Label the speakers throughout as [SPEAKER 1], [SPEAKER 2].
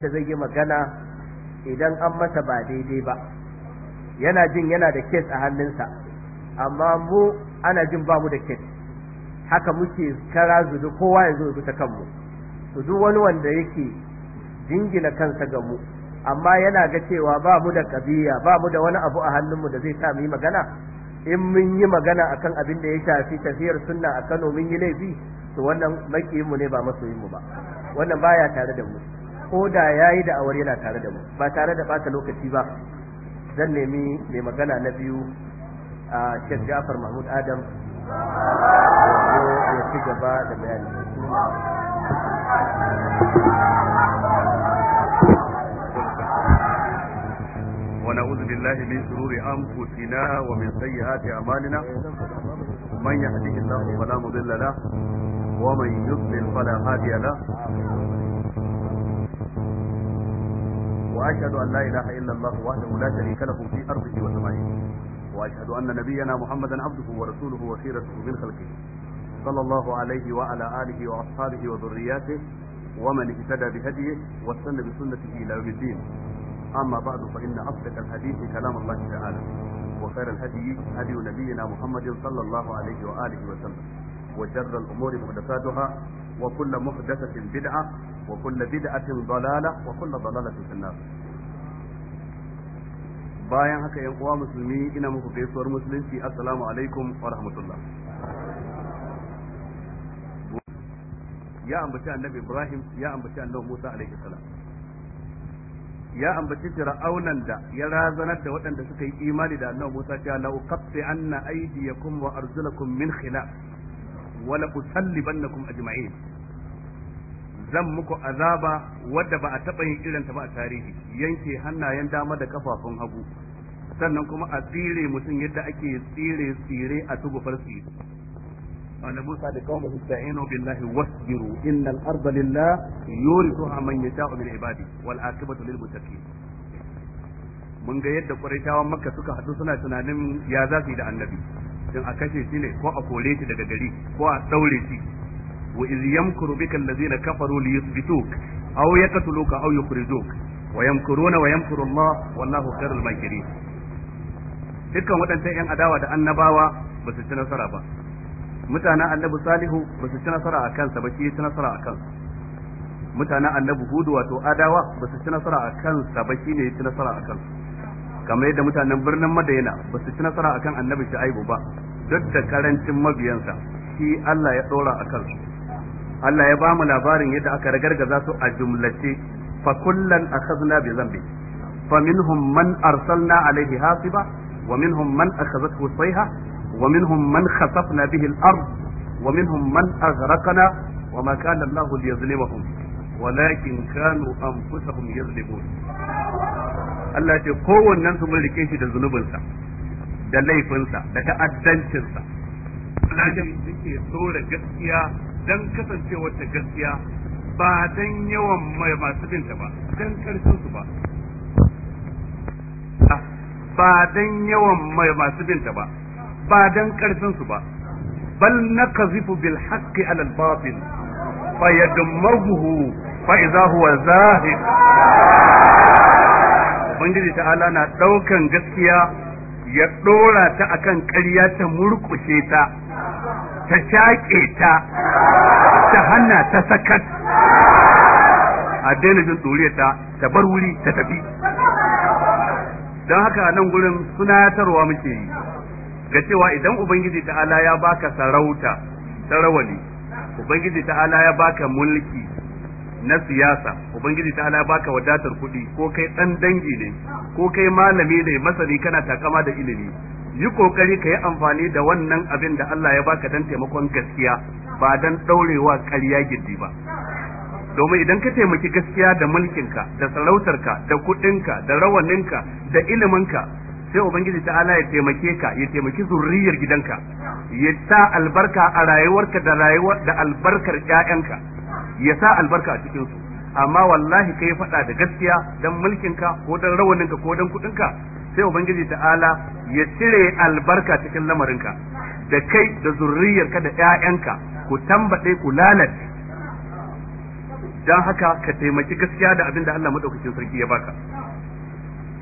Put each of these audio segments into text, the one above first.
[SPEAKER 1] da zai yi magana idan an masa ba daidai ba yana jin yana da kes a hannunsa amma mu ana jin ba mu da kes haka muke kara zudu kowa ya zo ta kanmu to duk wani wanda yake jingina kansa ga mu amma yana ga cewa ba mu da kabiya ba mu da wani abu a hannunmu da zai sa mu yi magana in mun yi magana akan abin da ya shafi tafiyar sunna a Kano mun yi laifi to wannan makiyinmu ne ba masoyinmu ba wannan baya tare da mu ko da yayi da aure yana tare da mu ba tare da bata lokaci ba zan nemi mai magana na biyu a shek Jafar Mahmud Adam ya
[SPEAKER 2] ci gaba da bayani
[SPEAKER 1] ونعوذ بالله من شرور انفسنا ومن سيئات اعمالنا من يهده الله فلا مضل له ومن يضلل فلا هادي له واشهد ان لا اله الا الله وحده لا شريك له في ارضه وسمائه واشهد ان نبينا محمدا عبده ورسوله وخيرته من خلقه صلى الله عليه وعلى اله واصحابه وذرياته ومن اهتدى بهديه واستنى بسنته الى يوم الدين اما بعد فان اصدق الحديث كلام الله تعالى وخير الهدي هدي نبينا محمد صلى الله عليه واله وسلم وشر الامور محدثاتها وكل محدثه بدعه وكل بدعة ضلالة وكل ضلالة في النار bayan haka yan uwa musulmi ina muku gaisuwar musulunci assalamu alaikum wa rahmatullah ya ambaci annabi ibrahim ya ambaci annabi musa alaihi salam ya ambaci fir'aunan da ya razanar da waɗanda suka yi imani da annabi musa cewa la uqatti anna aydiyakum wa arjulakum min khilaf wa la usallibannakum ajma'in zan muku azaba wadda ba a taɓa yin irinta ba a tarihi yanke hannayen dama da kafafun hagu sannan kuma a tsire mutum yadda ake tsire tsire a tugufar farsi wanda Musa da kawo masu ta'ino billahi wasbiru innal arda lillah yurithuha man yasha'u min ibadi wal akibatu lil muttaqin mun ga yadda Quraishawan Makka suka haɗu suna tunanin ya za su yi da Annabi don a kashe shi ne ko a kore shi daga gari ko a daure shi wa iz yamkuru bika allazina kafaru li yuthbituka aw yaqtuluka aw yukhrijuka wa yamkuruna wa yamkuru Allah wallahu khairul makirin dukkan waɗancan yan adawa da annabawa ba su ci nasara ba mutanen annabi salihu ba su ci nasara a kansa ba shi ya ci nasara a kansa mutanen annabi hudu wato adawa ba su ci nasara a kansa ba shi ne ya ci nasara a kansa kamar yadda mutanen birnin madaina ba su ci nasara a kan annabi shu'aibu ba duk da karancin mabiyansa shi Allah ya dora a kansu Allah ya ba mu labarin yadda aka ragargaza su a jumlace fa kullan akhadna bi dhanbi fa minhum man arsalna alaihi hasiba wa minhum man akhadhathu sayha wa minhum man khasafna bihi al-ard wa minhum man aghraqna wa ma kana Allah liyazlimahum walakin kanu anfusahum yazlimun Allah ya ce kowannen su mun rike shi da zunubinsa da laifinsa da ta'addancinsa Allah ya ce suke so gaskiya dan kasancewar ta gaskiya ba dan yawan mai masu binta ba dan karfin su ba ba dan yawan mai masu binta ba ba dan karfin su ba bal nakazifu bil haqqi ala al batil fayadmaghu fa idza huwa zahid ubangiji ta'ala na daukan gaskiya ya dora ta akan ƙarya ta murkushe ta ta shaƙe ta ta hana ta sakat a daina jin ta ta bar wuri ta tafi don haka nan gurin tarwa muke yi ga cewa idan ubangiji ta'ala ya baka sarauta ta rawani ubangiji ta'ala ya baka mulki na siyasa ubangiji ta ala baka wadatar kuɗi ko kai ɗan dangi ne ko kai malami ne masani kana takama da ilimi yi kokari ka yi amfani da wannan abin da Allah ya baka dan taimakon gaskiya ba dan daurewa ƙarya gidi ba domin idan ka taimaki gaskiya da mulkinka da sarautarka da kuɗinka da rawaninka da iliminka sai ubangiji ta ala ya taimake ka ya taimaki zurriyar gidanka ya sa albarka a rayuwarka da rayuwar da albarkar ƴaƴanka ya sa albarka a cikin su amma wallahi kai faɗa da gaskiya dan mulkinka ko dan rawaninka ko dan kuɗinka sai ubangiji ta'ala ya cire albarka cikin lamarinka da kai da zurriyarka da ƴaƴanka ku tambaɗe ku lalace don haka ka taimaki gaskiya da abin da Allah madaukakin sarki ya baka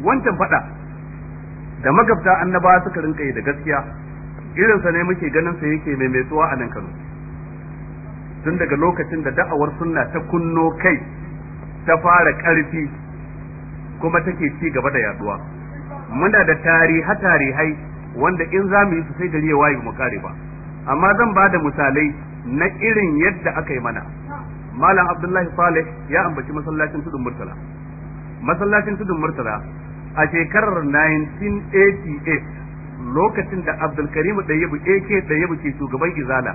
[SPEAKER 1] wancan faɗa da magabta annaba suka rinka yi da gaskiya irinsa ne muke ganin sa yake mai tsuwa a nan Kano tun daga lokacin da da'awar sunna ta kunno kai ta fara ƙarfi kuma take ci gaba da yaduwa muna da tariha tarihai wanda in za mu yi su sai gari ya waye mu kare ba amma zan ba da misalai na irin yadda aka yi mana malam abdullahi salih ya ambaci masallacin tudun murtala masallacin tudun murtala a shekarar 1988 lokacin da abdulkarim ɗayyabu ak ɗayyabu ke shugaban izala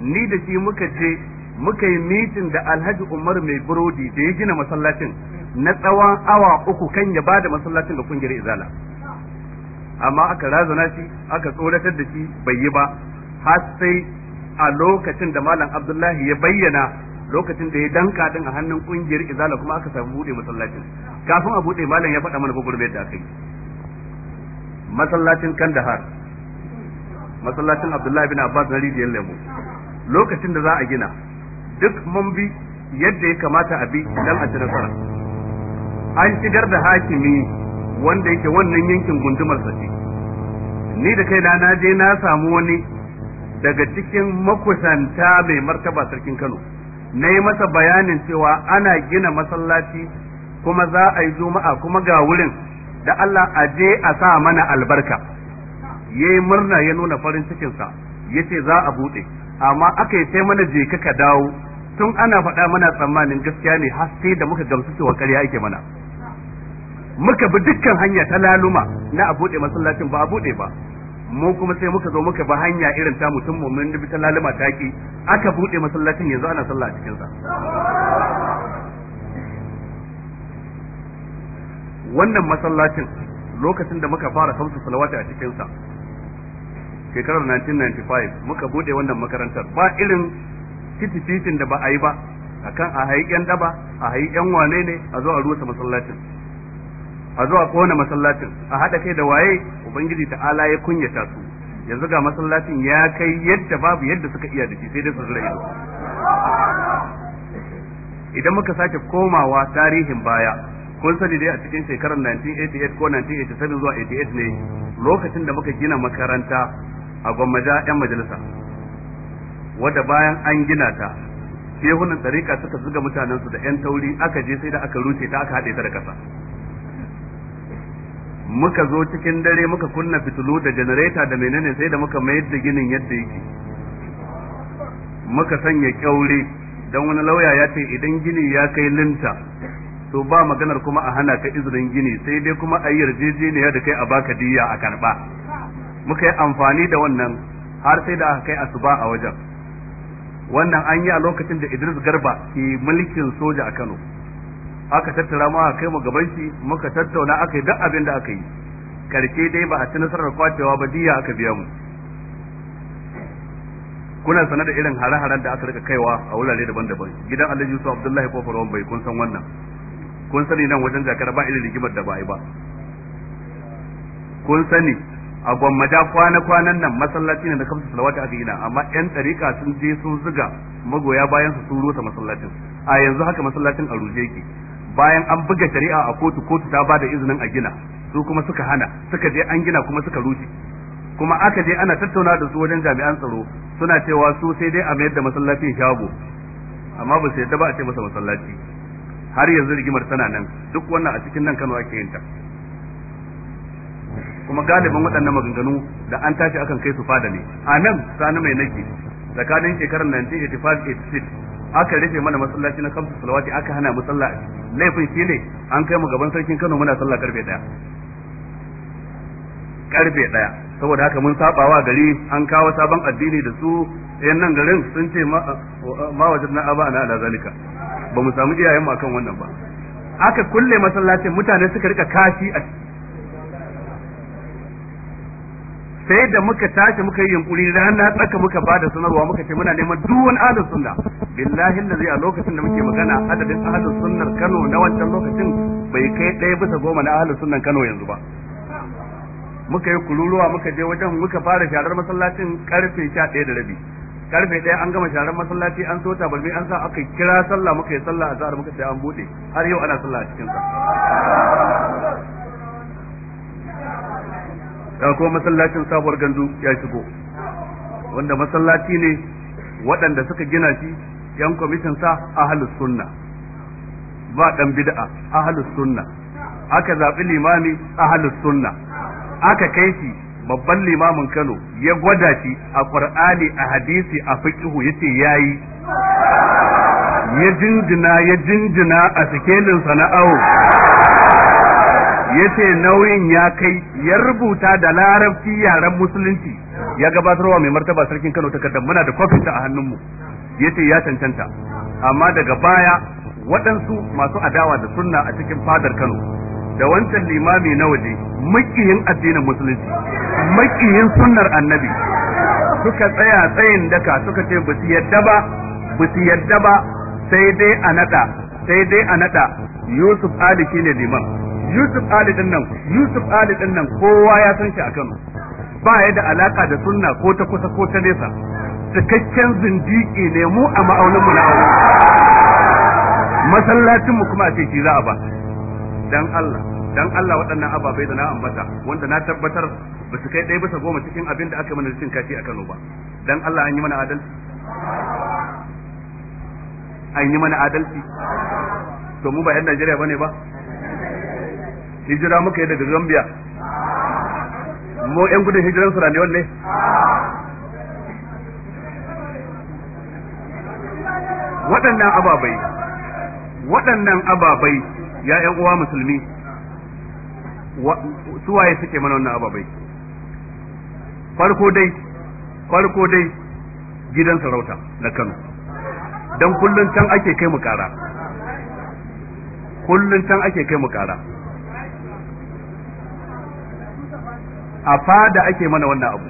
[SPEAKER 1] ni da shi muka je muka yi mitin da alhaji umar mai burodi da ya gina masallacin na tsawon awa uku kan ya ba da masallacin da kungiyar izala amma aka razana shi aka tsoratar da shi bai yi ba har sai a lokacin da malam abdullahi ya bayyana lokacin da ya danka din a hannun kungiyar izala kuma aka samu bude masallacin kafin a bude malam ya faɗa mana gwagwarmayar da aka yi masallacin kandahar masallacin abdullahi bin abbas na rijiyar lemo lokacin da za a gina duk mun bi yadda ya kamata a bi dan a ci nasara an shigar da hakimi wanda yake wannan yankin gundumar sa ce ni da kaina na je na samu wani daga cikin makusanta mai martaba sarkin Kano na yi masa bayanin cewa ana gina masallaci kuma za a yi juma'a kuma ga wurin da Allah a je a sa mana albarka yayi murna ya nuna farin cikinsa yace za a buɗe. amma aka yi sai mana je ka dawo tun ana faɗa mana tsammanin gaskiya ne har sai da muka gamsu cewa ƙarya ake mana muka bi dukkan hanya ta laluma na a bude masallacin ba a bude ba mu kuma sai muka zo muka bi hanya irin ta mutum mun bi ta laluma ta ki aka bude masallacin yanzu ana sallah a cikin sa wannan masallacin lokacin da muka fara kamsu salawati a cikin sa shekarar 1995 muka bude wannan makarantar ba irin titititin da ba a yi ba akan a hayi yan daba a hayi yan wane ne a zo a rusa masallacin a zuwa kona masallacin a hada kai da waye ubangiji ta'ala ya kunyata su yanzu ga masallacin ya kai yadda babu yadda suka iya da sai dai su zura ido idan muka sake komawa tarihin baya kun sani dai a cikin shekarar 1988 ko 1987 zuwa 88 ne lokacin da muka gina makaranta a gwamnati 'yan majalisa wadda bayan an gina ta shehunan tsarika suka zuga mutanensu da 'yan tauri aka je sai da aka ruce ta aka haɗe ta da ƙasa muka zo cikin dare muka kunna fitilu da janareta da menene sai da muka mayar da ginin yadda yake muka sanya kyaure don wani lauya ya ce idan gini ya kai linta to ba maganar kuma a hana ka izinin gini sai dai kuma a yi yarjejeniya da kai a baka diya a karba muka yi amfani da wannan har sai da aka kai asuba a wajen wannan an yi a lokacin da Idris Garba ke mulkin soja a Kano aka tattara mu aka kai mu gaban shi muka tattauna aka yi duk abin da aka yi karshe dai ba a ci nasarar kwacewa ba diya aka biya mu kuna sanar da irin hare-haren da aka rika kaiwa a wurare daban-daban gidan Alhaji Yusuf Abdullahi kofar bai kun san wannan kun sani nan wajen jakar ba irin rigimar da ba yi ba kun sani a gwammada kwana-kwanan nan masallaci ne da kamsa salawata aka gina amma yan tarika sun je sun zuga magoya bayan su sun rusa masallacin a yanzu haka masallacin a ruje yake bayan an buga shari'a a kotu kotu ta bada izinin a gina su kuma suka hana suka je an gina kuma suka rushe kuma aka je ana tattauna da su wajen jami'an tsaro suna cewa su sai dai a mayar da masallaci shago amma ba su yadda ba a ce masa masallaci har yanzu rigimar tana nan duk wannan a cikin nan Kano ake yin ta kuma galibin waɗannan maganganu da an tashi akan kai su fada ne a nan sani mai nake tsakanin shekarar 1985 86 aka rufe mana masallaci na kamsu salawati aka hana mu sallah laifin shi ne an kai mu gaban sarkin Kano muna sallah karfe daya karfe daya saboda haka mun wa gari an kawo sabon addini da su yan nan garin sun ce ma wajen na aba na ala zalika ba mu samu iyayen mu akan wannan ba aka kulle masallacin mutane suka rika kashi a sai da muka tashi muka yi yunkuri ran na tsaka muka bada sanarwa muka ce muna neman duk wani ahlus sunna billahi allazi a lokacin da muke magana adadin ahlus sunnar Kano na wancan lokacin bai kai ɗaya bisa goma na ahlus sunnan Kano yanzu ba muka yi kururuwa muka je wajen muka fara sharar masallacin karfe 11 da rabi karfe ɗaya an gama sharar masallaci an so balmi an sa aka kira sallah muka yi sallah a zahar muka sai an buɗe har yau ana sallah a cikin
[SPEAKER 2] sa
[SPEAKER 1] da kuma masallacin sabuwar gandu ya shigo wanda masallaci ne waɗanda suka gina shi yan kwamishin sa ahalus sunna ba dan bid'a ahalus sunna aka zaɓi limami ahalus sunna aka kai shi babban limamin Kano ya gwada shi a ƙwar'ani a hadisi a fiƙihu ya ce ya yi. Ya jinjina ya jinjina a na awo yace nauyin ya kai ya rubuta da larabci yaren musulunci ya gabatarwa mai martaba sarkin Kano takardar muna da kofinta a hannunmu yace ya cancanta amma daga baya waɗansu masu adawa da sunna a cikin fadar Kano da wancan limami na waje makiyin addinin musulunci makiyin sunnar annabi suka tsaya tsayin daka suka ce ba su yadda ba ba su yadda ba sai dai a nada sai dai a nada Yusuf Ali shine liman Yusuf Ali din nan Yusuf Ali din nan kowa ya san shi a Kano ba ya da alaka da sunna ko ta kusa ko ta nesa cikakken zindiki ne mu a ma'aunin mu na aure masallacin mu kuma a ce shi za a ba dan Allah dan Allah waɗannan ababai da na ambata wanda na tabbatar ba su kai ɗaya bisa goma cikin abin da aka mana cikin kashi a Kano ba dan Allah an yi mana adalci an yi mana adalci to mu ba yan Najeriya bane ba hijira muka yi daga Zambia mu yan gudun hijiran Sierra ne ne waɗannan ababai waɗannan ababai ya ƴan uwa musulmi suwaye suke mana wannan ababai farko dai farko dai gidan sarauta na Kano dan kullun can ake kai mu kara kullun can ake kai mu kara a fada ake mana wannan abu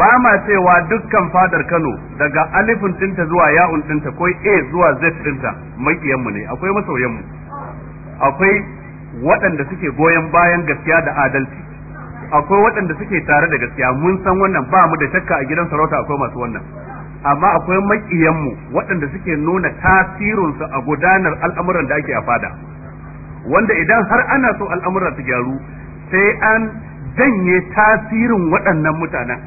[SPEAKER 1] ba ma cewa dukkan fadar Kano daga alifin dinta zuwa ya'un dinta ko a zuwa z dinta mu ne akwai mu akwai waɗanda suke goyon bayan gaskiya da adalci akwai waɗanda suke tare da gaskiya mun san wannan ba mu da shakka a gidan sarauta akwai masu wannan amma akwai mu waɗanda suke nuna tasirinsu a gudanar al'amuran da ake a fada wanda idan har ana so al'amuran su gyaru sai an janye tasirin waɗannan mutanen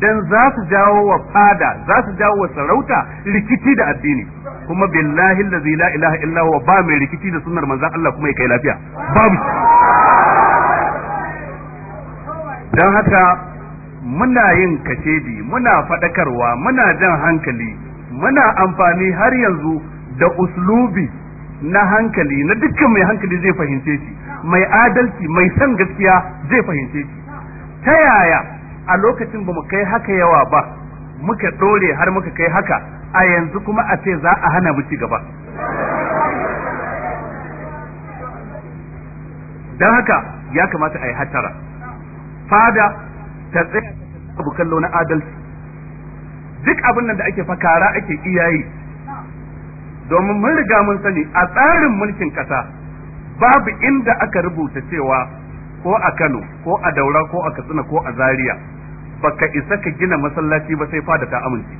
[SPEAKER 1] dan za su jawo wa fada za su jawo wa sarauta rikici da addini kuma billahi la ilaha illa huwa ba mai rikici da sunnar manzon Allah kuma ya kai lafiya babu dan haka muna yin kashedi muna fadakarwa muna jan hankali muna amfani har yanzu da uslubi na hankali na dukkan mai hankali zai fahimce shi mai adalci mai san gaskiya zai fahimce shi ta yaya a lokacin ba mu kai haka yawa ba muka dore har muka kai haka a yanzu kuma a ce za a hana mu ci gaba don haka ya kamata a yi hatara fada ta tsaya abu kallo na adalci duk abin nan da ake fakara ake iyayi domin mun riga mun sani a tsarin mulkin kasa babu inda aka rubuta cewa ko a Kano ko a Daura ko a Katsina ko a Zaria baka isa ka gina masallaci ba sai fada ta amince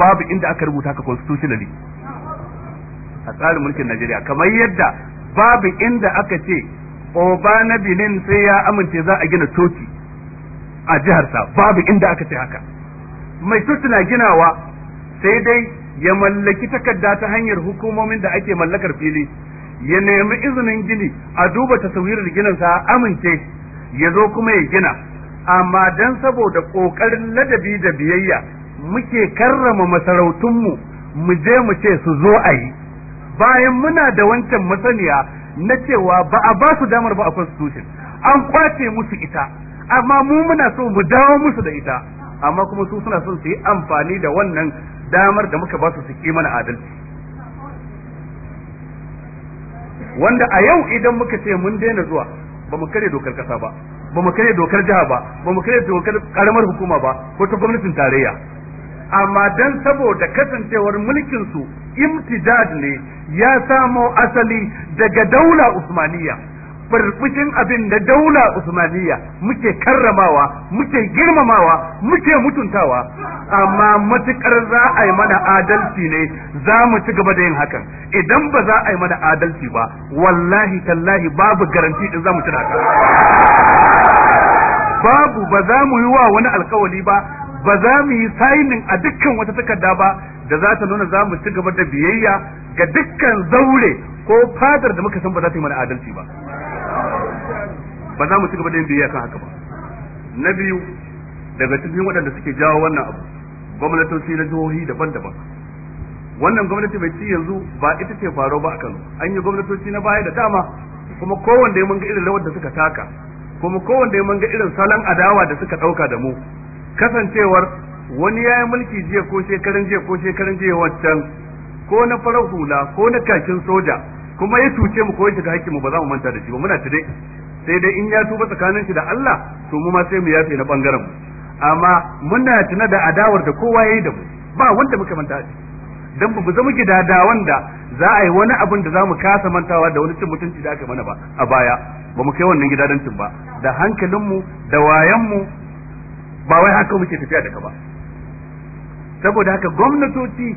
[SPEAKER 1] babu inda aka rubuta ka constitutionally a tsarin mulkin Najeriya kamar yadda babu inda aka ce oba na Benin sai ya amince za a gina coci a jihar sa. babu inda aka ce haka mai coci na ginawa sai dai ya mallaki takarda ta hanyar hukumomin da ake mallakar fili ya nemi izinin gini a duba tasawirar a amince ya zo kuma ya gina amma dan saboda kokarin ladabi da biyayya muke karrama masarautunmu mu je mu ce su zo a yi bayan muna da wancan masaniya na cewa ba a ba su damar ba a constitution an kwace musu ita amma mu muna so mu dawo musu da ita amma kuma su suna son su yi amfani da wannan damar da muka ba su su mana adalci wanda a yau idan muka ce mun daina zuwa ba mu kare dokar kasa ba ba mu kare dokar jiha ba ba mu kare dokar karamar hukuma ba ko ta gwamnatin tarayya amma dan saboda kasancewar mulkin su imtidad ne ya samo asali daga daula Usmaniyya. burbushin abin da daula usmaniya muke karramawa muke girmamawa muke mutuntawa amma matukar za a yi mana adalci ne za mu ci gaba da yin hakan idan ba za a yi mana adalci ba wallahi tallahi babu garanti din za mu ci haka babu ba za mu yi wa wani alkawali ba ba za mu yi sainin a dukkan wata takarda ba da za ta nuna za mu ci gaba da biyayya ga dukkan zaure ko fadar da muka san ba za ta yi mana adalci ba ba za mu ci gaba da yin biyayya kan haka ba na biyu daga cikin waɗanda suke jawo wannan abu gwamnatoci na jihohi daban-daban wannan gwamnati mai ci yanzu ba ita ce faro ba a Kano an yi gwamnatoci na baya da dama kuma kowanne mun ga irin rawar da suka taka kuma kowanne mun ga irin salon adawa da suka ɗauka da mu kasancewar wani ya yi mulki jiya ko shekaran jiya ko shekaran jiya wancan ko na farar hula ko na kakin soja kuma ya cuce mu ko ya shiga hakkinmu ba za mu manta da shi ba muna tare sai dai in ya tuba tsakanin shi da Allah to mu ma sai mu yafe na bangaren mu amma muna tuna da adawar da kowa yayi da mu ba wanda muka manta shi dan ba zama gidada da za a yi wani abin da za mu kasa mantawa da wani cin mutunci da aka mana ba a baya ba mu kai wannan gidadancin ba da hankalin mu da wayan mu ba wai haka muke tafiya da ka ba saboda haka gwamnatoci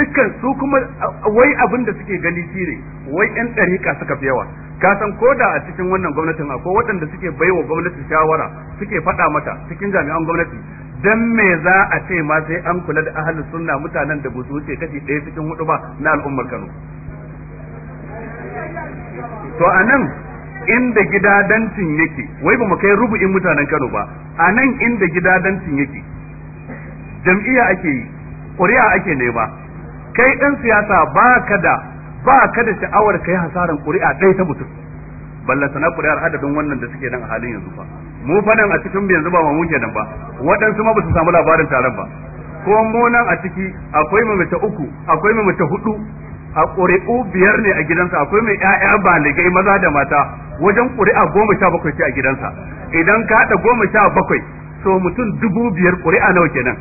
[SPEAKER 1] dukkan su kuma uh, wai abin da suke gani ne wai yan ɗarika suka fi yawa ka san ko da a cikin wannan gwamnatin akwai waɗanda suke baiwa gwamnati shawara suke faɗa mata cikin jami'an gwamnati dan me za a ce ma sai an kula da ahlus sunna mutanen da ba su wuce kashi ɗaya cikin hudu ba na al'ummar Kano to anan inda dantin yake wai ba mu kai rubu'in mutanen Kano ba anan inda dantin yake jam'iyya ake yi ƙuri'a ake nema kai ɗan siyasa ba ka da ba ka da sha'awar kai hasaran ƙuri'a ɗaya ta mutum balla sana ƙuri'ar adadin wannan da suke nan a halin yanzu fa mu fa nan a cikin mu yanzu ba mu nan ba waɗansu ma ba su samu labarin taron ba ko mu nan a ciki akwai mai mace uku akwai mai mace hudu a ƙuri'u biyar ne a gidansa akwai mai ƴaƴa baligai maza da mata wajen ƙuri'a goma sha bakwai ce a gidansa idan ka haɗa goma sha bakwai to mutum dubu biyar ƙuri'a nawa kenan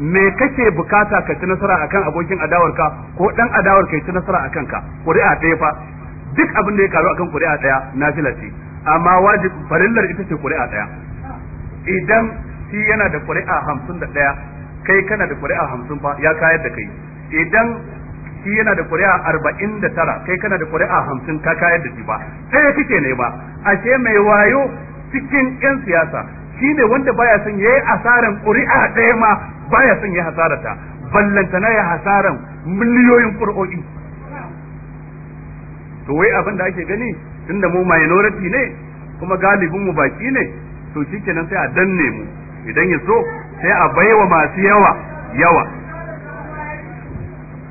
[SPEAKER 1] me kake bukata ka ci nasara akan abokin adawarka ko dan adawar ka ci nasara akan ka ƙuri'a ɗaya fa duk abin da ya karu akan ƙuri'a ɗaya nafila ce amma wajib farillar ita ce ƙuri'a ɗaya idan shi yana da ƙuri'a hamsin da ɗaya kai kana da ƙuri'a hamsin fa ya kayar da kai idan shi yana da ƙuri'a arba'in da tara kai kana da ƙuri'a hamsin ka kayar da shi ba ɗaya kike ne ba ashe mai wayo cikin 'yan siyasa shine wanda baya son yayi asaran ƙuri'a ɗaya ma baya son ya hasarata na ya hasaran miliyoyin ƙuri'o'i to wai abin da ake gani tunda mu minority ne kuma galibin mu baki ne to shikenan sai a danne mu idan ya so sai a baiwa masu yawa yawa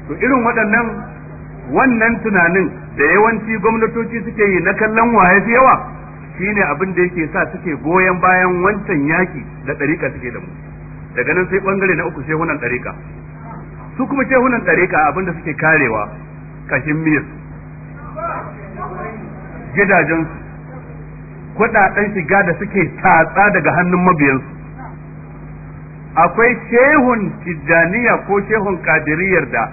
[SPEAKER 1] to irin waɗannan wannan tunanin da yawanci gwamnatoci suke yi na kallon waye yawa shine abin da yake sa suke goyon bayan wancan yaki da ɗarika suke da mu daga nan sai bangare na uku shehunan ɗarika. su kuma shehunan ɗariƙa abin da suke karewa kashin miyar gidajensu kuɗaɗen shiga da suke tatsa daga hannun mabiyansu akwai shehun tijjaniya ko shehun kadiriyar da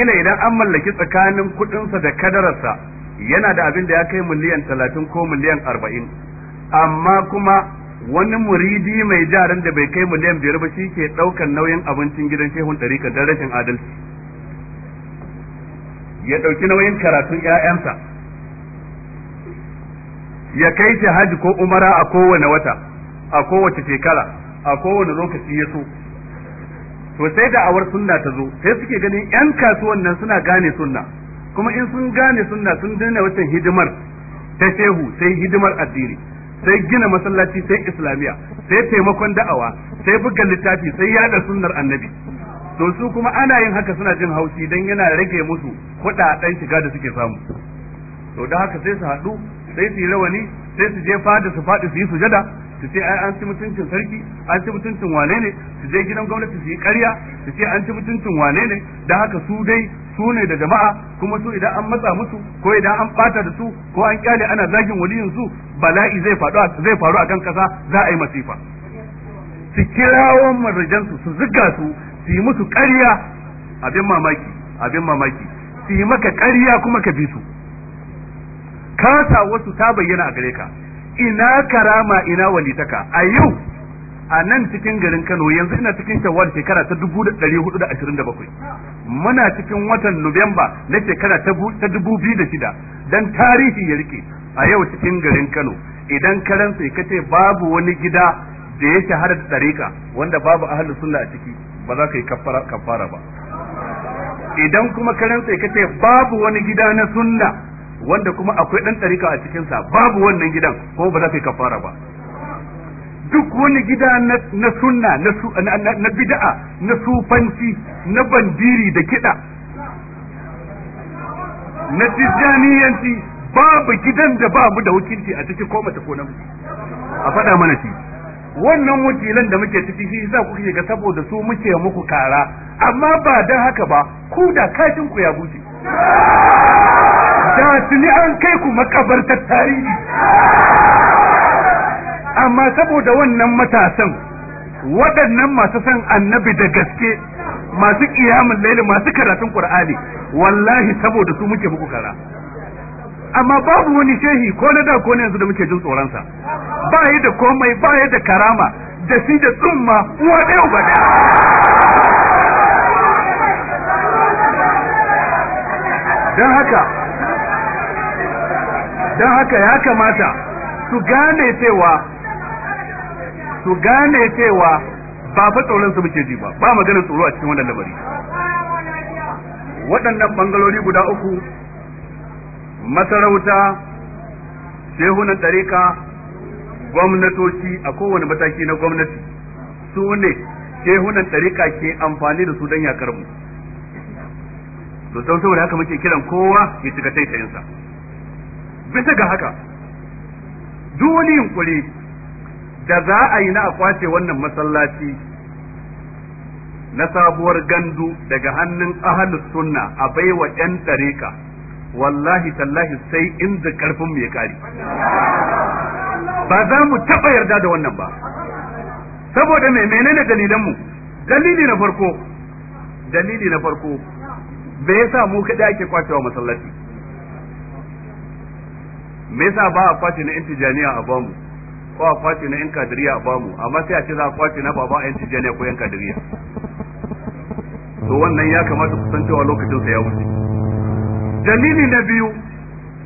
[SPEAKER 1] ila idan an mallaki tsakanin kuɗinsa da kadararsa yana da abin da ya kai miliyan talatin ko miliyan arba'in amma kuma wani muridi mai jarin da bai kai miliyan biyar ba shi ke ɗaukar nauyin abincin gidan shehun ɗarika don rashin adalci ya ɗauki nauyin karatun 'ya'yansa ya kai shi hajji ko umara a kowane wata a kowace shekara a kowane lokaci ya so sosai sai da awar sunna ta zo sai suke ganin 'yan kasuwan nan suna gane sunna kuma in sun gane sunna sun daina wacce hidimar ta shehu sai hidimar addini sai gina masallaci sai islamiya sai taimakon da'awa sai buga littafi sai yada sunnar annabi to su kuma ana yin haka suna jin haushi dan yana rage musu kuɗaɗen shiga da suke samu to da haka sai su haɗu sai su yi rawani sai su je fada su faɗi su yi sujada su ce ai an ci mutuncin sarki an ci mutuncin wane ne su je gidan gwamnati su yi ƙarya su ce an ci mutuncin wane ne da haka su dai su ne da jama'a kuma su idan an matsa musu ko idan an bata da su ko an kyale ana zagin waliyin su bala'i zai faru zai faru akan kasa za a yi masifa su kirawo marajan su su zuga su su yi musu ƙarya abin mamaki abin mamaki su yi maka ƙarya kuma ka bi su kasa wasu ta bayyana a gare ka ina karama ina walitaka a yau a nan cikin garin Kano yanzu ina cikin shawar shekara ta 1427 muna cikin watan Nuwamba na shekara ta 2006 dan tarihi ya rike a yau cikin garin Kano idan karan sai kace babu wani gida da ya shahara da tsarika wanda babu ahlus sunna a ciki ba za ka yi kafara ba idan kuma karan sai kace babu wani gida na sunna wanda kuma akwai dan ɗarika a cikinsa babu wannan gidan ko ba za ka yi kafara ba duk wani gida na sunna na bid'a na sufanci na bandiri da kiɗa na tijjaniyanci babu gidan da ba mu da wakilci a ciki ko mace ko namiji
[SPEAKER 2] a faɗa mana shi
[SPEAKER 1] wannan wakilan da muke ciki shi za ku ga saboda su muke muku kara amma ba dan haka ba ku da kashin ku ya buce da tuni an kai ku makabartar tarihi amma saboda wannan matasan waɗannan masu san annabi da gaske masu kiyamun laili masu karatun qur'ani wallahi saboda su muke muku kara amma babu wani shehi ko na da ko na yanzu da muke jin tsoronsa ba yi da komai ba yi da karama da shi da tsumma uwa da ba da don haka don haka ya kamata su gane cewa su gane cewa ba fa tsoron su muke ji ba ba maganar tsoro a cikin wannan labari waɗannan bangalori guda uku masarauta shehunan ɗarika gwamnatoci a kowane mataki na gwamnati su ne shehunan ɗarika ke amfani da su don yakar mu to saboda haka muke kiran kowa ya shiga taitayinsa bisa ga haka duk wani yunkuri da za a yi na a kwace wannan masallaci na sabuwar gandu daga hannun ahalus sunna a baiwa yan ɗarika wallahi tallahi sai inda karfin mu ya kare ba za mu taɓa yarda da wannan ba saboda mai menene dalilanmu dalili na farko dalili na farko me yasa mu kaɗai ake kwacewa masallaci me yasa ba a kwace na yan tijaniya a bamu ko a kwace na yan kadiriya a bamu amma sai a ce za a kwace na baba yan tijaniya ko yan kadiriya to wannan ya kamata ku san cewa lokacin sa ya wuce dalili na biyu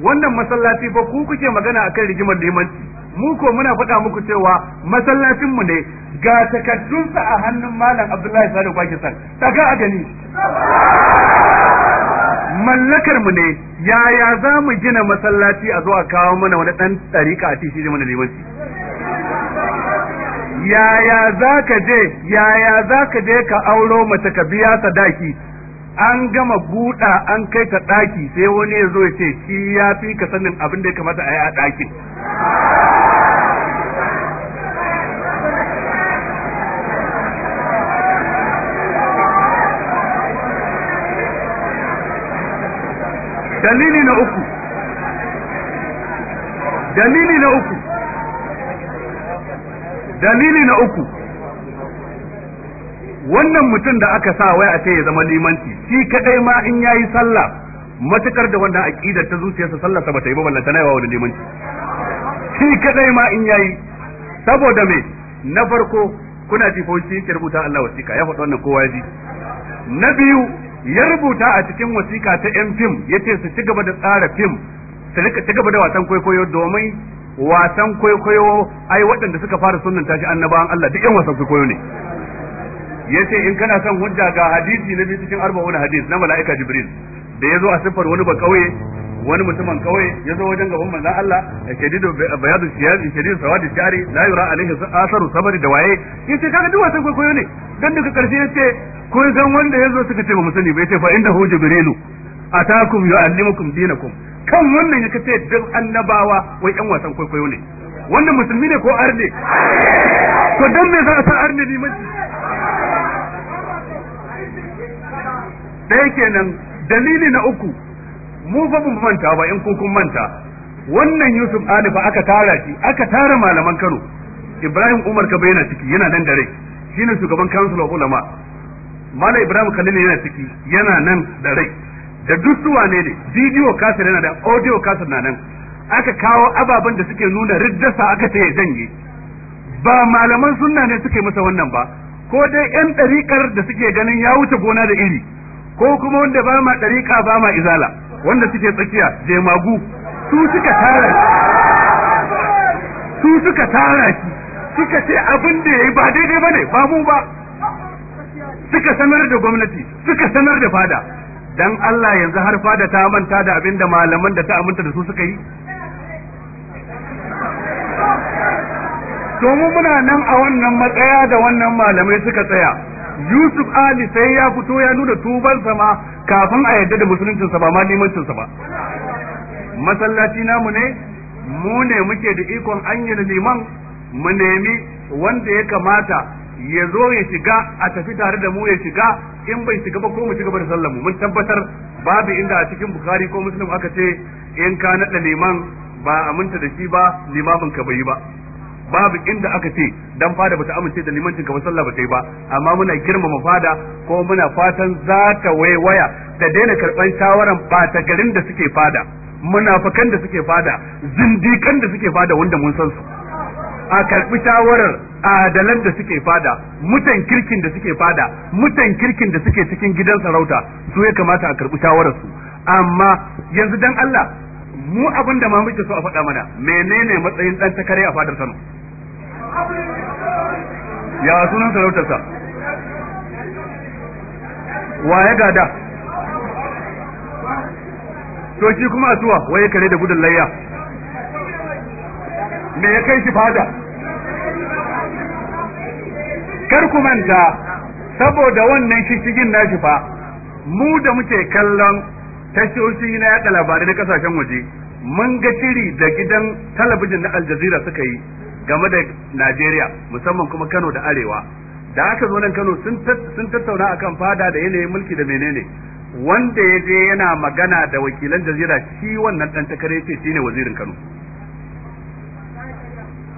[SPEAKER 1] wannan masallaci ba ku kuke magana akan rigimar limanci mu ko muna faɗa muku cewa masallacin mu ne ga takaddunsa a hannun malam Abdullahi Sadiq Kwakisan ta ga a gani mallakar mu ne yaya za mu gina masallaci a zuwa kawo mana wani dan tsarika a titi da mana limanci yaya za ka je yaya za ka je ka auro mace ka biya sadaki an gama buɗa an kai ta ɗaki sai wani ya zo ya ce shi ya fi ka sanin abin da ya kamata a yi a ɗakin dalili na uku
[SPEAKER 2] dalili na uku dalili na uku
[SPEAKER 1] wannan mutum da aka sa waya a ce ya zama limanci shi kadai ma in yayi sallah matukar da wannan aqidar ta zuciyarsa sallah sa bata yi ba wannan na yawa wani limanci shi kadai ma in yayi saboda me na farko kuna ji fa shi yake rubuta Allah wasika ya faɗi wannan kowa ya ji na biyu ya rubuta a cikin wasiƙa ta yan fim ya ce su ci gaba da tsara fim su rika ci gaba da wasan kwaikwayo domin wasan kwaikwayo ai waɗanda suka fara sunan tashi annabawan Allah duk yan wasan kwaikwayo ne ya ce in kana son hujja ga hadisi na biyu cikin na hadis na mala'ika jibril da ya zo a siffar wani ba kauye wani mutumin kawai ya zo wajen gaban manzon Allah a shadidu bayadu siyazi shadidu sawadi shari la yura alaihi asaru sabari da waye yace kaga duk wasan kwaikwayo ne dan daga karshe yace ko san wanda yazo suka ce ba mu sani ba yace fa inda hu jibrilu atakum yu'allimukum dinakum kan wannan ya kace duk annabawa wai yan wasan kwaikwayo ne wannan musulmi ne ko arne to dan me za a sa arne limanci da dai kenan dalili na uku mu fa mun manta ba in kun manta wannan Yusuf alifa, aka tara shi aka tara malaman Kano Ibrahim Umar ka bayyana ciki yana nan da rai shine shugaban council of ulama Malam Ibrahim Khalil yana ciki yana nan da rai da duk ne ne bidiyo kasar yana da audio kasar na nan aka kawo ababen da suke nuna riddasa aka ta ya janye ba malaman sunna ne suke masa wannan ba ko dai yan ɗariƙar da suke ganin ya wuce gona da iri ko kuma wanda ba ma ɗariƙa ba ma izala wanda suke tsakiya jemagu su suka tara
[SPEAKER 2] su suka tara
[SPEAKER 1] shi suka ce abin da ya yi ba daidai ba ne ba mu ba suka sanar da gwamnati suka sanar da fada dan Allah yanzu har fada ta manta da abin da malaman da ta aminta da su suka yi to mu muna nan a wannan matsaya da wannan malamai suka tsaya Yusuf Ali sai ya fito ya nuna tuban ma kafin a yadda da musuluncinsa ba ma sa ba masallaci namu ne mu ne muke da ikon anyar liman mu nemi wanda ya kamata ya zo ya shiga a tafi tare da mu ya shiga in bai shiga ba ko mu shiga ba da sallar mu mun tabbatar babu inda a cikin bukari ko muslim aka ce in ka naɗa liman ba aminta da shi ba limamin ka bai ba babu inda aka ce dan fada bata amince da limancin ka ba sallah ba ta ba amma muna girmama fada ko muna fatan za ta waiwaya da daina karban shawaran bata garin da suke fada munafakan da suke fada zindikan da suke fada wanda mun san su a karbi shawarar adalan da suke fada mutan kirkin da suke fada mutan kirkin da suke cikin gidan sarauta su ya kamata a karbi shawarar su amma yanzu dan Allah mu abin da ma muke so a faɗa mana menene matsayin dan takare a fadar sanu? ya sunan sarautarsa wa ya gada to shi kuma asuwa waye kare da gudun layya me ya kai shi fada kar ku manta saboda wannan shishigin na fa mu da muke kallon tashoshi na yaɗa labarai na kasashen waje mun ga shiri da gidan talabijin na aljazira suka yi game da Najeriya musamman kuma Kano da Arewa da aka zo nan Kano sun tattauna akan fada da yanayin mulki da menene wanda ya je yana magana da wakilan jazira shi wannan dan takare ce shine wazirin Kano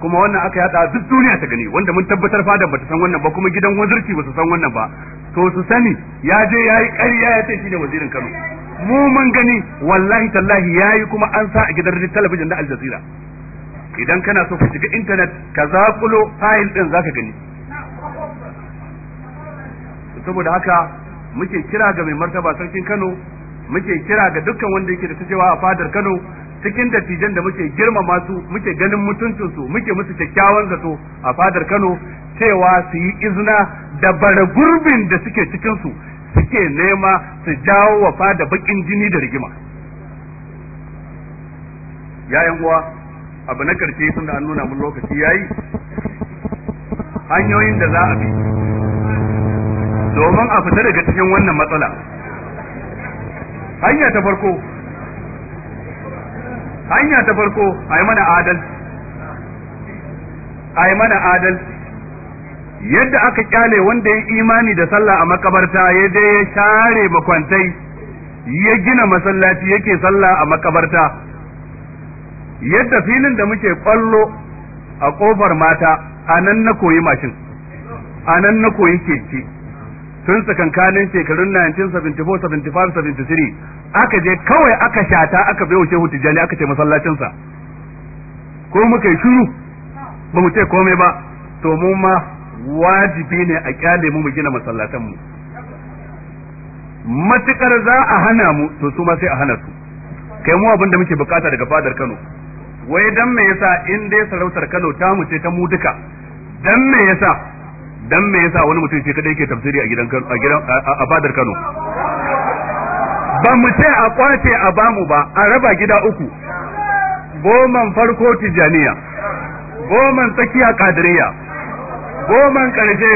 [SPEAKER 1] kuma wannan aka yada duk duniya ta gani wanda mun tabbatar fadan bata san wannan ba kuma gidan wazirci ba su san wannan ba to su sani ya je yayi ƙarya ya ce shine wazirin Kano mu mun gani wallahi tallahi yayi kuma an sa a gidan talabijin da Al Jazeera idan kana so ka shiga intanet ka zaƙulo fayil ɗin za ka gani saboda haka muke kira ga mai martaba sarkin Kano muke kira ga dukkan wanda yake da tajewa a fadar Kano cikin dattijan da muke girmama su muke ganin mutuncin su muke musu kyakkyawan zato a fadar Kano cewa su yi izina da bara gurbin da suke cikin su suke nema su jawo wa fada bakin jini da rigima ya uwa abu na karshe sun da an nuna mun lokaci yayi hanyoyin da za a bi domin a fita daga cikin wannan matsala hanya ta farko hanya ta farko a mana adalci a mana adalci yadda aka kyale wanda ya imani da sallah a makabarta ya je ya share makwantai ya gina masallaci yake sallah a makabarta yadda filin da muke kwallo a kofar mata a nan na koyi mashin a nan na koyi keke tun tsakankanin shekarun 1974 75 73 aka je kawai aka shata aka bai shehu tijjani aka ce masallacinsa ko muka yi shiru ba mu ce komai ba to mu ma wajibi ne a kyale mu mu gina masallatan mu matukar za a hana mu to su ma sai a hana su kai mu abin da muke bukata daga fadar Kano wai dan me yasa in dai sarautar Kano ta mu ce ta mu duka dan me yasa dan me yasa wani mutum shi kadai yake tafsiri a gidan Kano a gidan a fadar Kano ba mu ce a kwace a bamu ba a raba gida uku goman farko tijaniya goman tsakiya kadiriya goman karshe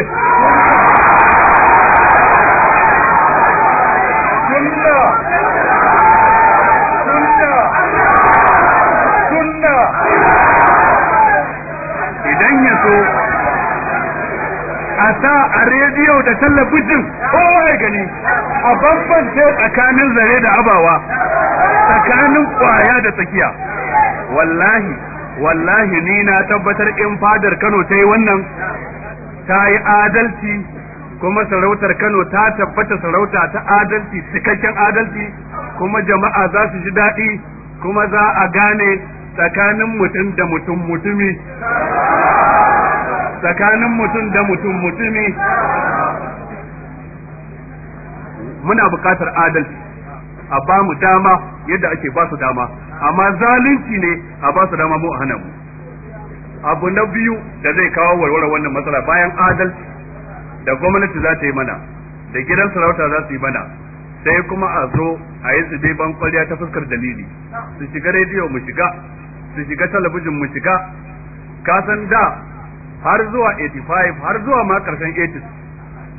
[SPEAKER 1] a sa a rediyo da talabijin kowa gani a sai tsakanin zare da abawa tsakanin kwaya da tsakiya wallahi wallahi ni na tabbatar in fadar Kano ta yi wannan ta yi adalci kuma sarautar Kano ta tabbata sarauta ta adalci cikakken adalci kuma jama'a za su ji daɗi kuma za a gane tsakanin mutum da mutum mutumi tsakanin mutum da mutum mutumi muna buƙatar adalci a ba mu dama yadda ake ba su dama amma zalunci ne a ba su dama mu a hana mu abu na biyu da zai kawo warware wannan matsala bayan adal, da gwamnati za ta yi mana da gidan sarauta za su yi mana sai kuma a zo a yi su dai ban kwalliya ta fuskar dalili su shiga rediyo mu shiga su shiga talabijin mu shiga kasan da har zuwa 85 har zuwa ma karshen 80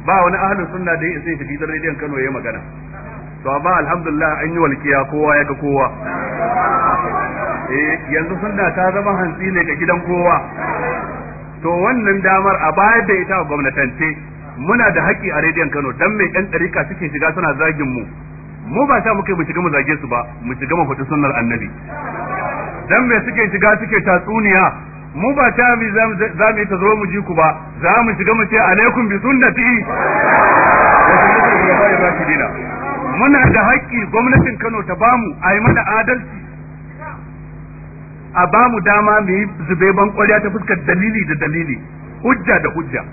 [SPEAKER 1] ba wani ahalin sunna da yake isa ya tafi dan rediyon Kano yayi magana to amma alhamdulillah an yi walkiya kowa ya ga kowa eh yanzu sunna ta zama hantsi ne ga gidan kowa to wannan damar a baya da ita gwamnatance muna da haƙƙi a rediyon Kano dan mai ɗan ɗarika suke shiga suna zagin mu mu ba ta muke mu shiga mu zage su ba mu shiga mu faɗi sunnar annabi dan mai suke shiga suke tatsuniya mu ba ta bi za mu yi ta zo mu ji ku ba za mu shiga mu ce alaikum bi sunnati muna da haƙƙi gwamnatin Kano ta bamu a yi mana adalci a bamu dama mu yi zube ban ƙwarya ta fuskar dalili da dalili hujja da hujja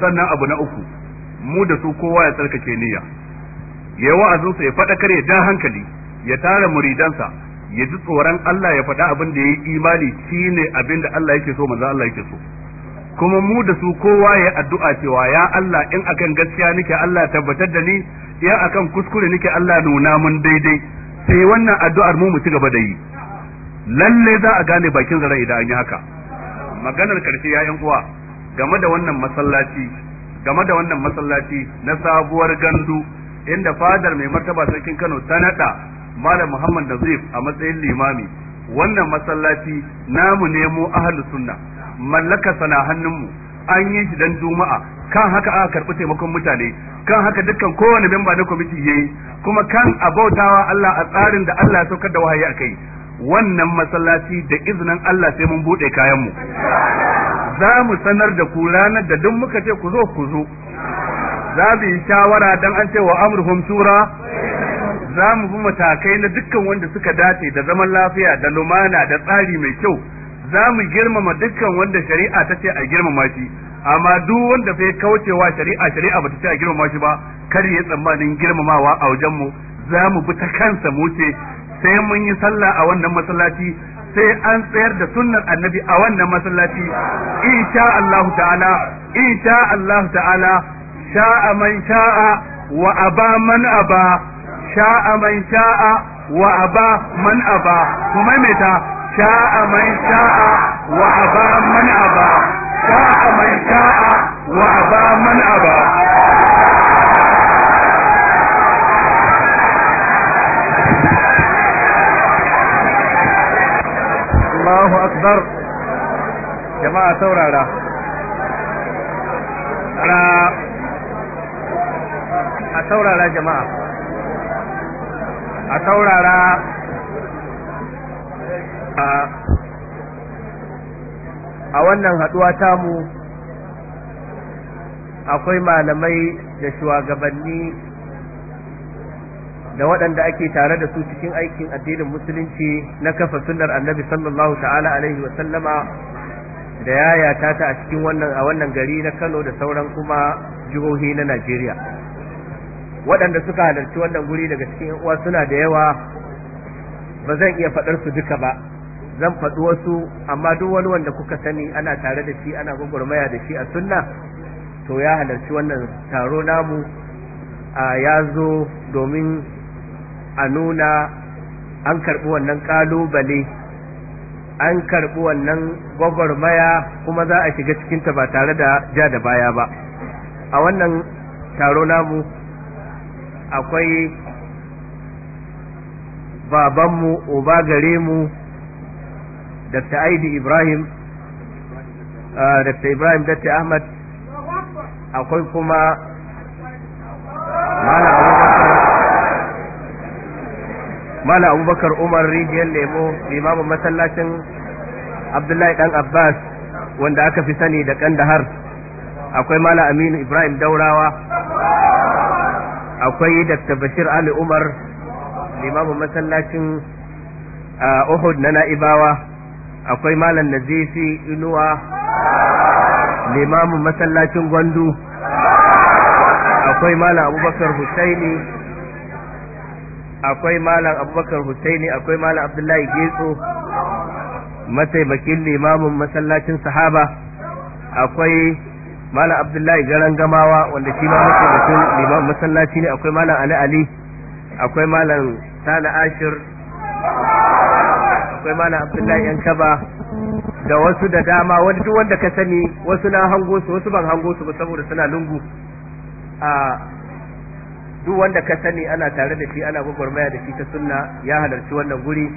[SPEAKER 1] sannan abu na uku mu da su kowa ya tsarkake niyya ya wa'azinsa ya faɗakar ya ja hankali ya tara muridansa ya ji tsoron Allah ya faɗa abin da ya yi imani shi ne abin da Allah yake so manzo Allah yake so kuma mu da su kowa ya addu'a cewa ya Allah in akan gaskiya nake Allah tabbatar da ni ya akan kuskure nake Allah nuna mun daidai sai wannan addu'ar mu mu ci gaba da yi lalle za a gane bakin zaren idan an yi haka maganar karshe ya yan uwa game da wannan masallaci game da wannan masallaci na sabuwar gandu inda fadar mai martaba sarkin Kano ta nada malam muhammad nazif a matsayin limami wannan masallaci namu nemo ahlus sunna mallaka sana hannunmu an yi shi dan juma'a kan haka aka karɓi taimakon mutane kan haka dukkan kowane memba na kwamiti yayi kuma kan abautawa Allah a tsarin da Allah ya saukar da wahayi kai wannan masallaci da izinin Allah sai mun bude kayan mu za mu sanar da ku ranar da duk muka ce ku zo ku zo za mu yi shawara dan an ce wa amruhum shura za mu bi matakai na dukkan wanda suka dace da zaman lafiya da lumana da tsari mai kyau za mu girmama dukkan wanda shari'a ta ce a girmama shi amma duk wanda bai kaucewa shari'a shari'a bata ce a girmama shi ba kar ya tsammanin girmamawa a wajen mu za mu bi ta kansa mu ce sai mun yi sallah a wannan masallaci sai an tsayar da sunnar annabi a wannan masallaci insha Allah ta'ala insha Allah ta'ala sha'a man sha'a wa aba man aba sha'a man sha'a wa aba man aba kuma me ta sha'a man sha'a
[SPEAKER 2] wa aba man aba sha'a man sha'a wa aba man aba Allahu
[SPEAKER 1] akbar jama'a saurara a saurara jama'a a saurara a wannan haduwa mu akwai malamai da shugabanni da waɗanda ake tare da su cikin aikin addinin musulunci na kafa sunnar annabi sallallahu ta'ala alaihi sallama, da yaya ta ta a cikin wannan a wannan gari na Kano da sauran kuma jihohi na Najeriya waɗanda suka halarci wannan guri daga cikin uwa suna da yawa ba zan iya faɗar su duka ba zan faɗi wasu amma duk wani wanda kuka sani ana tare da shi ana gwagwarmaya da shi a sunna to ya halarci wannan taro namu a ya zo domin a nuna an karɓi wannan ƙalubale an karɓi wannan gwagwarmaya kuma za a shiga cikinta ba tare da ja da baya ba a wannan taro namu akwai babanmu uba gare mu dr aidi ibrahim dr ibrahim dr ahmad akwai kuma mala abubakar umar rijiyar lemo limamin masallacin abdullahi dan abbas wanda aka fi sani da kandahar akwai mala aminu ibrahim daurawa akwai dr bashir ali umar limamin masallacin uhud na na'ibawa akwai malam nazisi inuwa limamin masallacin gwandu akwai malam abubakar husaini akwai malam abubakar husaini akwai malam abdullahi getso mataimakin limamin masallacin sahaba akwai malam abdullahi garan gamawa wanda shi ma muke su liman masallaci ne akwai malam ali ali akwai malam sala ashir akwai malam abdullahi yan kaba da wasu da dama wani duk wanda ka sani wasu na hango su wasu ban hango su ba saboda suna lungu a duk wanda ka sani ana tare da shi ana gwagwarmaya da shi ta sunna ya halarci wannan guri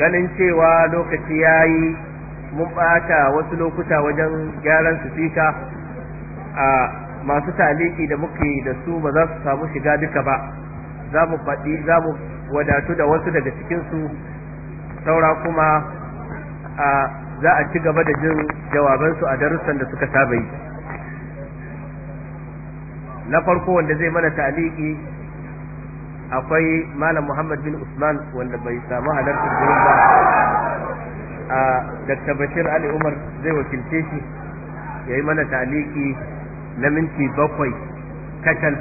[SPEAKER 1] ganin cewa lokaci ya yi mun ɓata wasu lokuta wajen gyaran su fika a masu taliki da muke da su ba za su samu shiga duka ba za mu faɗi za mu wadatu da wasu daga cikinsu saura kuma a za a ci gaba da jin jawabansu a darussan da suka saba yi na farko wanda zai mana taliki akwai malam muhammad bin usman wanda bai samu halartar gurin ba a dr bashir ali umar zai wakilce shi ya yi mana taliki na minti bakwai kacal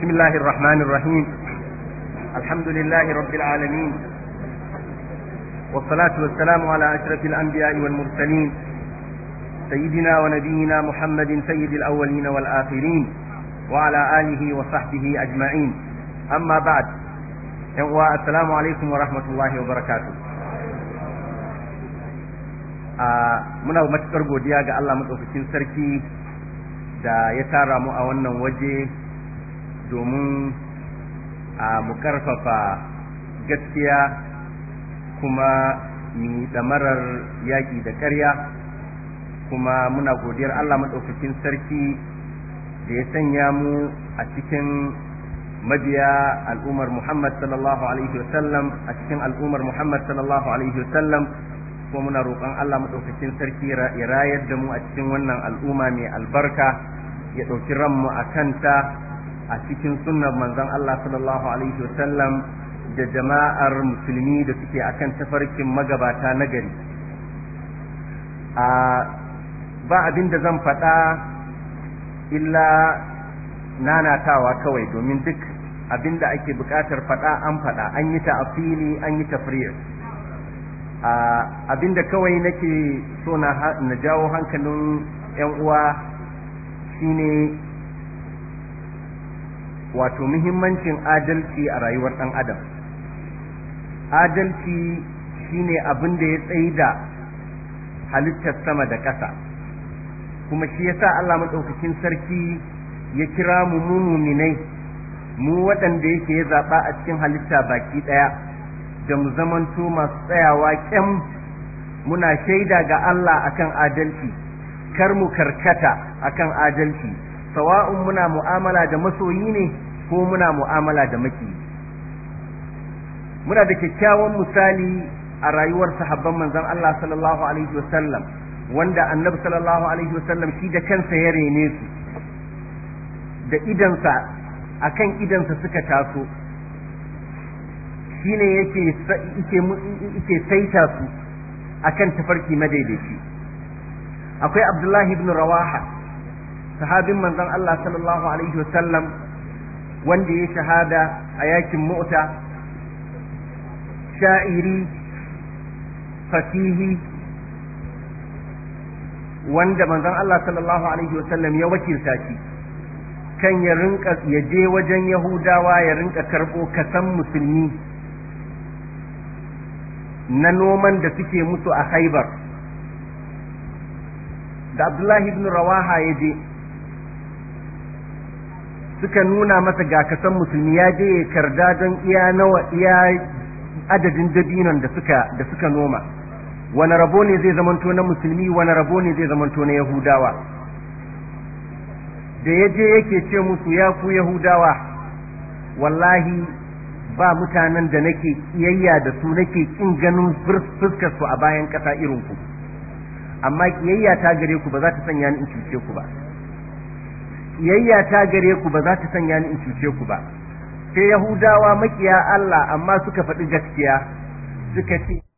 [SPEAKER 1] Bismillahirrahmanirrahim. لله رب العالمين والصلاة والسلام على أشرف الأنبياء والمرسلين سيدنا ونبينا محمد سيد الأولين والآخرين وعلى آله وصحبه أجمعين أما بعد السلام عليكم ورحمة الله وبركاته muna matuƙar godiya ga Allah maɗaukakin sarki da ya tara mu a wannan waje domin a mu karfafa gaskiya kuma mu damarar yaƙi da ƙarya kuma muna godiyar Allah maɗaukakin sarki da ya sanya mu a cikin mabiya al'ummar Muhammad sallallahu alaihi wasallam a cikin al'ummar Muhammad sallallahu alaihi wasallam kuma muna roƙon Allah maɗaukakin sarki ya rayar da mu a cikin wannan al'umma mai albarka ya ɗauki ranmu a kanta a cikin sunnar manzon Allah sallallahu alaihi wasallam da jama'ar musulmi da suke akan tafarkin magabata na gari a ba abin da zan faɗa illa nanatawa kawai domin duk abin da ake buƙatar faɗa an faɗa an yi ta afili an yi tafriyar abin da kawai nake so na jawo hankalin 'yan uwa shine wato muhimmancin adalci a rayuwar ɗan adam adalci shine abin da ya da halittar sama da ƙasa kuma shi yasa Allah maɗaukakin sarki ya kira mu muminai mu waɗanda yake ya zaɓa a cikin halitta baki ɗaya da mu zamanto masu tsayawa ƙyam muna shaida ga Allah akan adalci kar mu karkata akan adalci sawa'un muna mu'amala da masoyi ne ko muna mu'amala da maki muna da kyakkyawan misali a rayuwar sahabban manzon Allah sallallahu alaihi wasallam wanda annabi sallallahu alaihi wasallam shi da kansa ya rene su da idansa akan idansa suka taso shine yake yake yake saita su akan tafarki madaidaici akwai Abdullahi ibn Rawaha sahabin manzon Allah sallallahu alaihi wasallam wanda ya shahada a yakin mu'ta sha'iri fasihi wanda manzon Allah sallallahu alaihi wasallam ya wakilta shi kan ya rinka ya je wajen Yahudawa ya rinka karbo kasan musulmi na noman da suke musu a Haibar da Abdullahi ibn Rawaha ya je suka nuna masa ga kasan musulmi ya je ya karda don iya nawa iya adadin dabinon da suka da suka noma wani rabo ne zai zamanto na musulmi wani rabo ne zai zamanto na yahudawa da ya je yake ce musu ya ku yahudawa wallahi ba mutanen da nake kiyayya da su nake kin ganin fuskar su a bayan ƙasa irin ku amma kiyayya ta gare ku ba za ta sanya ni in cuce ku ba kiyayya ta gare ku ba za ta sanya ni in cuce ku ba sai yahudawa makiya Allah amma suka faɗi gaskiya suka ce